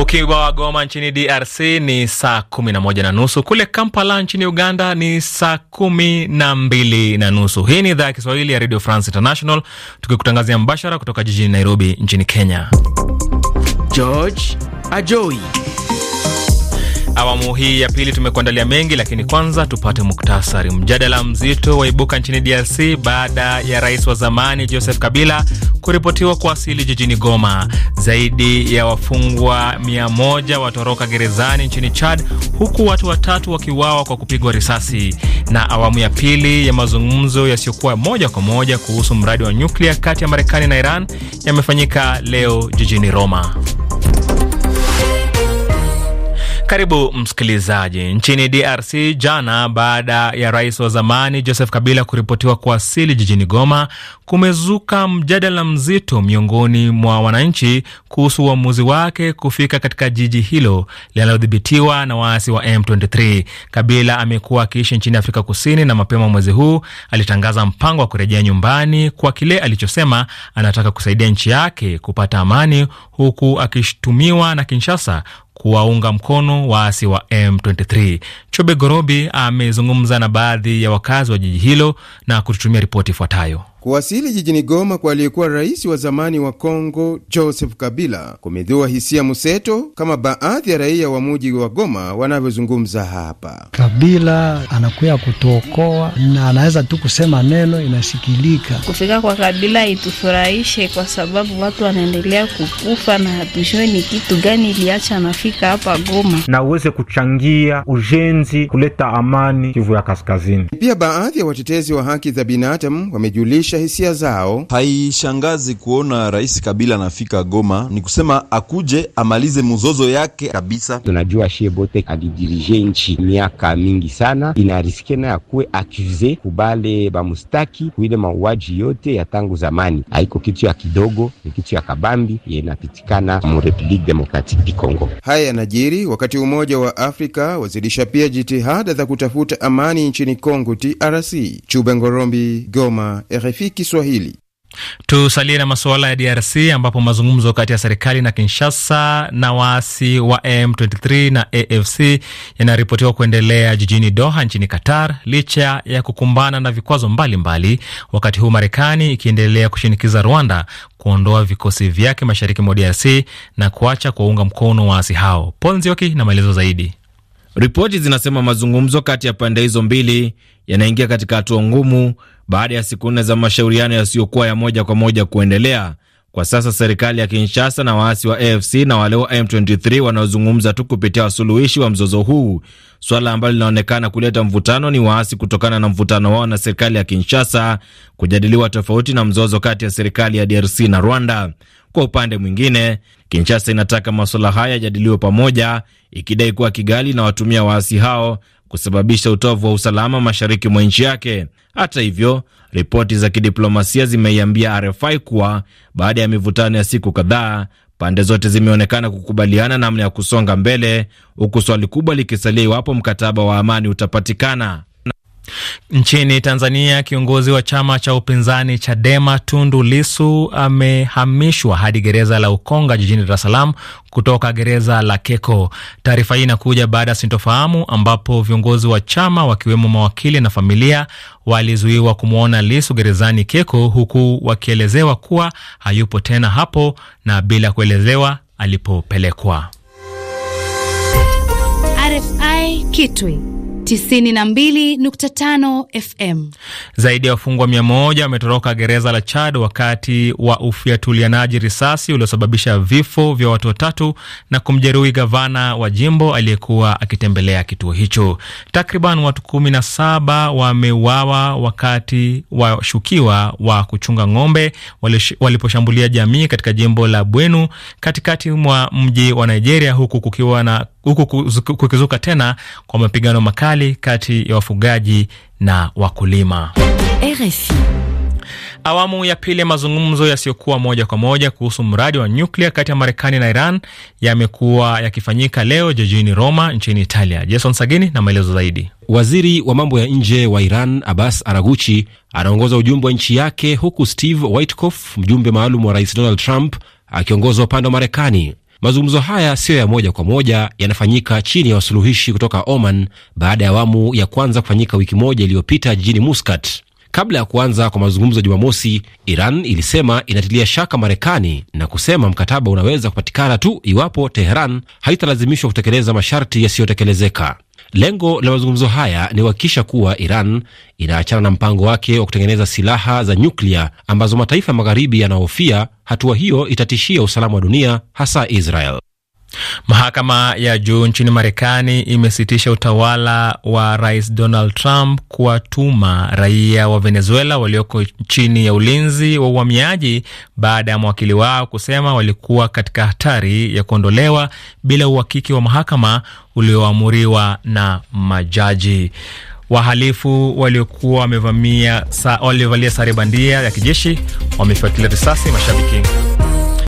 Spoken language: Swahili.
Ukiwa Goma nchini DRC ni saa kumi na moja na nusu, kule Kampala nchini Uganda ni saa kumi na mbili na nusu. Hii ni idhaa ya Kiswahili ya Radio France International tukikutangazia mbashara kutoka jijini Nairobi nchini Kenya. George Ajoi Awamu hii ya pili tumekuandalia mengi, lakini kwanza tupate muktasari. Mjadala mzito waibuka nchini DRC baada ya rais wa zamani Joseph Kabila kuripotiwa kuwasili jijini Goma. Zaidi ya wafungwa mia moja watoroka gerezani nchini Chad, huku watu watatu wakiuawa kwa kupigwa risasi. Na awamu ya pili ya mazungumzo yasiyokuwa moja kwa moja kuhusu mradi wa nyuklia kati ya Marekani na Iran yamefanyika leo jijini Roma. Karibu msikilizaji. Nchini DRC jana, baada ya rais wa zamani Joseph Kabila kuripotiwa kuwasili jijini Goma, kumezuka mjadala mzito miongoni mwa wananchi kuhusu uamuzi wa wake kufika katika jiji hilo linalodhibitiwa na waasi wa M23. Kabila amekuwa akiishi nchini Afrika Kusini na mapema mwezi huu alitangaza mpango wa kurejea nyumbani kwa kile alichosema anataka kusaidia nchi yake kupata amani, huku akishutumiwa na Kinshasa kuwaunga mkono waasi wa M23. Chobe Gorobi amezungumza na baadhi ya wakazi wa jiji hilo na kututumia ripoti ifuatayo. Kuwasili jijini Goma kwa aliyekuwa rais wa zamani wa Kongo Joseph Kabila kumedhua hisia mseto, kama baadhi ya raia wa muji wa Goma wanavyozungumza hapa. Kabila anakuya kutuokoa na anaweza tu kusema neno inasikilika. Kufika kwa Kabila itufurahishe kwa sababu watu wanaendelea kukufa na hatujue ni kitu gani iliacha anafika hapa Goma na uweze kuchangia ujenzi, kuleta amani Kivu ya Kaskazini. Pia baadhi ya watetezi wa haki za binadamu wamejulisha kuonyesha hisia zao. Haishangazi kuona Rais Kabila anafika Goma, ni kusema akuje amalize mzozo yake kabisa. Tunajua Shebote alidirije nchi miaka mingi sana, inarisikena na yakuwe akuse kubale bamustaki kuile mauaji yote ya tangu zamani, haiko kitu ya kidogo, ni kitu ya kabambi yenapitikana mu Republique Democratique du Congo. Haya yanajiri wakati Umoja wa Afrika wazidisha pia jitihada za kutafuta amani nchini congo DRC. Chube Ngorombi, Goma, RFI. RFI Kiswahili. Tusalie na masuala ya DRC ambapo mazungumzo kati ya serikali na Kinshasa na waasi wa M23 na AFC yanaripotiwa kuendelea jijini Doha nchini Qatar licha ya kukumbana na vikwazo mbalimbali mbali, wakati huu Marekani ikiendelea kushinikiza Rwanda kuondoa vikosi vyake mashariki mwa DRC na kuacha kuwaunga mkono waasi hao. Paul Nzioki na maelezo zaidi. Ripoti zinasema mazungumzo kati ya pande hizo mbili yanaingia katika hatua ngumu baada ya siku nne za mashauriano yasiyokuwa ya moja kwa moja kuendelea. Kwa sasa serikali ya Kinshasa na waasi wa AFC na wale wa M23 wanaozungumza tu kupitia wasuluhishi wa mzozo huu. Suala ambalo linaonekana kuleta mvutano ni waasi kutokana na mvutano wao na serikali ya Kinshasa kujadiliwa tofauti na mzozo kati ya serikali ya DRC na Rwanda. Kwa upande mwingine, Kinshasa inataka masuala haya yajadiliwe pamoja, ikidai kuwa Kigali inawatumia waasi hao kusababisha utovu wa usalama mashariki mwa nchi yake. Hata hivyo, ripoti za kidiplomasia zimeiambia RFI kuwa baada ya mivutano ya siku kadhaa, pande zote zimeonekana kukubaliana namna ya kusonga mbele, huku swali kubwa likisalia iwapo mkataba wa amani utapatikana. Nchini Tanzania, kiongozi wa chama cha upinzani Chadema Tundu Lisu amehamishwa hadi gereza la Ukonga jijini Dar es Salaam kutoka gereza la Keko. Taarifa hii inakuja baada ya sintofahamu ambapo viongozi wa chama wakiwemo mawakili na familia walizuiwa kumwona Lisu gerezani Keko, huku wakielezewa kuwa hayupo tena hapo na bila kuelezewa alipopelekwa. RFI Kitwi 92.5 FM. Zaidi ya wafungwa mia moja wametoroka gereza la Chad wakati wa ufiatulianaji risasi uliosababisha vifo vya watu watatu na kumjeruhi gavana wa jimbo aliyekuwa akitembelea kituo hicho. Takriban watu 17 wameuawa wakati washukiwa wa kuchunga ng'ombe waliposhambulia jamii katika jimbo la Bwenu katikati mwa mji wa Nigeria, huku kukiwa na huku kukizuka tena kwa mapigano makali kati ya wafugaji na wakulima. RFI. Awamu ya pili ya mazungumzo yasiyokuwa moja kwa moja kuhusu mradi wa nyuklia kati ya Marekani na Iran yamekuwa yakifanyika leo jijini Roma nchini Italia. Jason Sagini na maelezo zaidi. Waziri wa mambo ya nje wa Iran Abbas Araguchi anaongoza ujumbe wa nchi yake huku Steve Witkoff, mjumbe maalum wa Rais Donald Trump, akiongoza upande wa Marekani. Mazungumzo haya siyo ya moja kwa moja, yanafanyika chini ya wasuluhishi kutoka Oman baada ya awamu ya kwanza kufanyika wiki moja iliyopita jijini Muscat. Kabla ya kuanza kwa mazungumzo ya Jumamosi, Iran ilisema inatilia shaka Marekani na kusema mkataba unaweza kupatikana tu iwapo Teheran haitalazimishwa kutekeleza masharti yasiyotekelezeka. Lengo la mazungumzo haya ni kuhakikisha kuwa Iran inaachana na mpango wake wa kutengeneza silaha za nyuklia ambazo mataifa magharibi yanahofia hatua hiyo itatishia usalama wa dunia, hasa Israel. Mahakama ya juu nchini Marekani imesitisha utawala wa rais Donald Trump kuwatuma raia wa Venezuela walioko chini ya ulinzi wa uhamiaji baada ya mawakili wao kusema walikuwa katika hatari ya kuondolewa bila uhakiki wa mahakama ulioamuriwa na majaji. Wahalifu waliokuwa waliovalia sare bandia ya kijeshi wamefuatilia risasi mashabiki